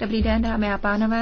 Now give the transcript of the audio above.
Dobrý den, dámy a pánové.